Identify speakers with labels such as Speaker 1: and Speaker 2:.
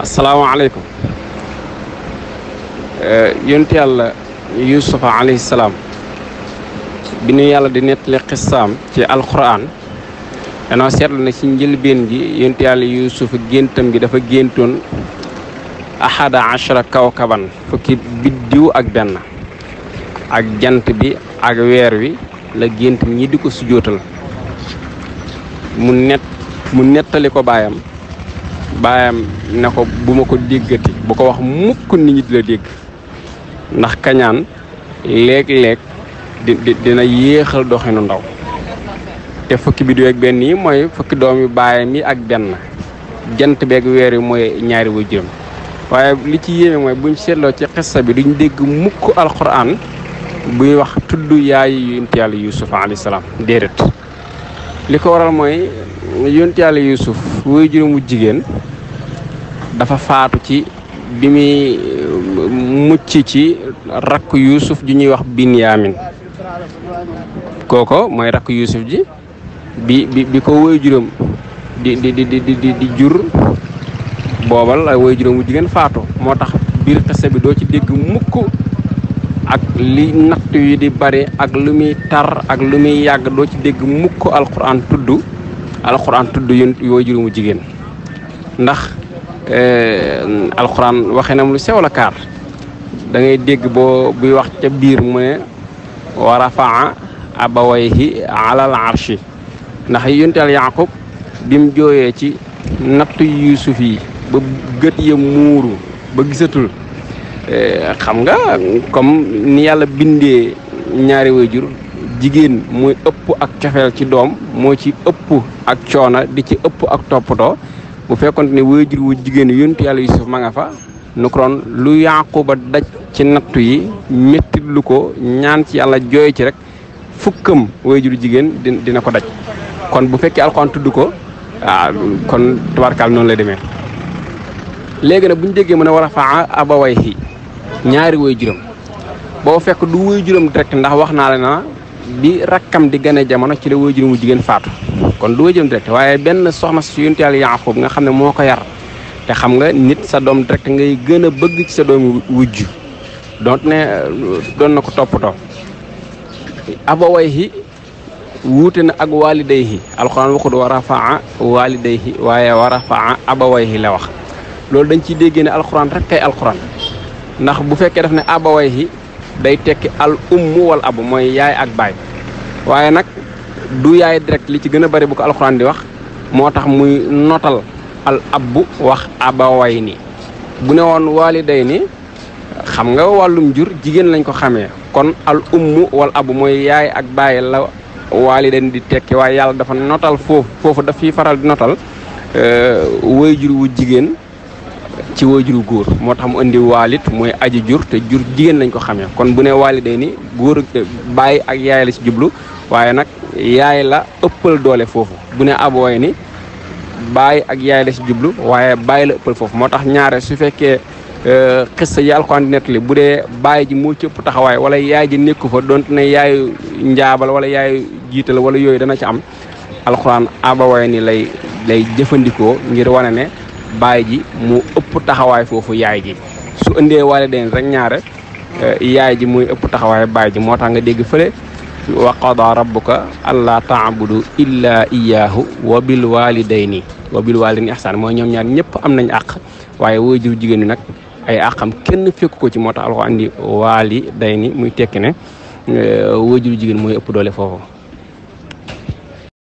Speaker 1: asalaamaaleykum eh, yonent yàlla yusufa alayhi salaam bi ñu yàlla di nettali xissaam ci alquran danoo seetlu na ci njëlbeen gi yonent yàlla yusuf géntam gi dafa géntoon ahada achara kawkaban fukki biddiw ak benn ak jant bi ak weer wi la géntam ñi di ko sujootal mu mu nettali ko baayam baayam na ko bu ma ko déggati bu ko wax mukk nit ñi di la dégg ndax kañaan léeg-léeg dina yéexal doxinu ndaw te fukki biddiw ak benn yi mooy fukki doom yu baayam yi ak benn jant beeg weer yi mooy ñaari waajuram waaye li ci yéeme mooy buñ seetloo ci xissa bi duñ dégg mukk alxuraan buy wax tudd yaay yonent yàlla Yuusuf alayhi salaam déedéet li ko waral mooy yonent yàlla Yuusuf waajuram wu jigéen dafa faatu ci bi mi euh, mucc ci rakk yusuf ji ñuy wax binyamin koko moy rakk yusuf ji bi bi bi ko woy di di di di di di jur bobal ay woy juróom ji jigéen faatu motax bir biir xese bi do ci deg mukk ak li natt yi di bare ak lu mi tar ak lu mi yag do ci deg mukk alquran tuddu alquran tuddu yoy woy ji ndax Eh, alxuraan waxe na mu lu sew la kaar da dégg boo buy wax ca biir mu ne wa rafaa abawayhi alal arshi ndax yunteel yaqub bim jooyee ci nattu yuusuf yi ba gët ya muuru ba gisatul eh, xam nga comme ni yàlla bindee ñaari waajur jigéen mooy ëpp ak cofeel ci doom moo ci ëpp ak coona di ci ëpp ak toppatoo bu fekkoon ne waajur wu jigéen yontu yàlla Yuusuf ma nga fa nu koron lu ba daj ci nattu yi méttit ko ñaan ci yàlla jooy ci rek fukkam waajur jigéen dina ko daj kon bu fekkee alxuraan tudd ko ah, kon tubaarkaal noonu lay demee léegi nag bu ñu déggee mën a fa aba way abawayhi ñaari waajuram boo fekk du waajuram direct ndax wax naa la bi rakkam di gane jamono ci la waajur mu jigéen faatu kon du waajuram direct waaye benn soxna si yonent yàlla Yaaqub nga xam ne moo ko yar te xam nga nit sa doom direct ngay gën a bëgg ci sa doom wujj donc ne doon na ko toppatoo abawayhi wuute na ak waalidayhi alxuraan waxut wa rafaa waalidayhi waaye wa rafaa abawayhi la wax loolu dañ ciy déggee ne alxuraan rek kay alxuraan ndax bu fekkee daf ne abawayhi day tekki al ummu wal abu mooy yaay ak baay waaye nag du yaay direct li ci gën a bari bu ko alxuraan di wax moo tax muy notal al abbu wax abaway ni bu ne woon waaliday ni xam nga wàllum jur jigéen lañ ko xamee kon al ummu wal abu mooy yaay ak baay la waaliday ni di tekki waaye yàlla dafa notal foofu foofu daf fi faral di notal euh, way jur wu jigéen ci waajuru góor moo tax mu indi waalit mooy aji jur te jur jigéen lañ ko xamee kon bu ne waaliday ni góor bàyyi ak yaay la ci jublu waaye nag yaay la ëppal doole foofu bu ne abooy ni bàyyi ak yaay la ci jublu waaye bàyyi la ëppal foofu moo tax ñaare su fekkee euh, xis yi alxuraan di nettali bu dee bàyyi ji moo cëpp taxawaay wala yaay ji nekku fa donte ne yaayu njaabal wala yaayu jiital wala yooyu dana ci am alxuraan abaway ni lay lay jëfandikoo ngir wana ne baay ji mu ëpp taxawaay foofu yaay ji su indee wala deen rek ñaare eh, yaay ji muy ëpp taxawaay baay ji moo tax nga dégg fële wa qada rabbuka allaa taabudu illaa iyaahu wa bil walidayni wa bil walidayni ihsaan mooy ñoom ñaar ñëpp am nañ àq waaye wooy jiw jigéen ñi nag ay àqam kenn fekku ko ci moo tax alxuraan andi walidayni muy tekki ne eh, wooy jiw jigéen mooy ëpp doole foofu